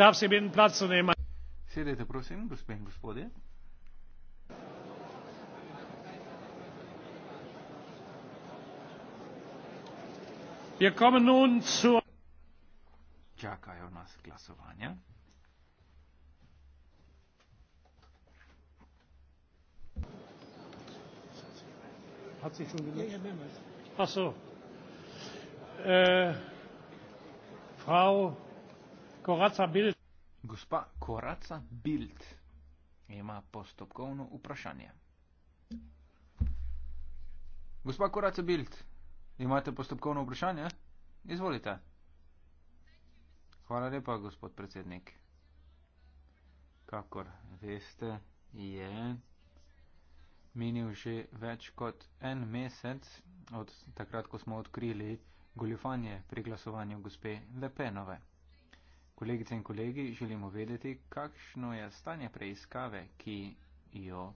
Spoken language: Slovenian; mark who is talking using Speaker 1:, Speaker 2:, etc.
Speaker 1: darf Sie bitten, Platz zu nehmen. Sedete, prosim, gospe in gospodje. Wir kommen nun zu Čakajo nas glasovanja. Hat sich schon gelöst? Ja, ja, Ach so. Äh, Frau Koraca Bild. Gospa Koraca Bild ima postopkovno vprašanje. Gospa Koraca Bild, imate postopkovno vprašanje? Izvolite. Hvala lepa, gospod predsednik. Kakor veste, je minil že več kot en mesec od takrat, ko smo odkrili goljufanje pri glasovanju gospe Lepenove. Kolegice in kolegi, želimo vedeti, kakšno je stanje preiskave, ki jo.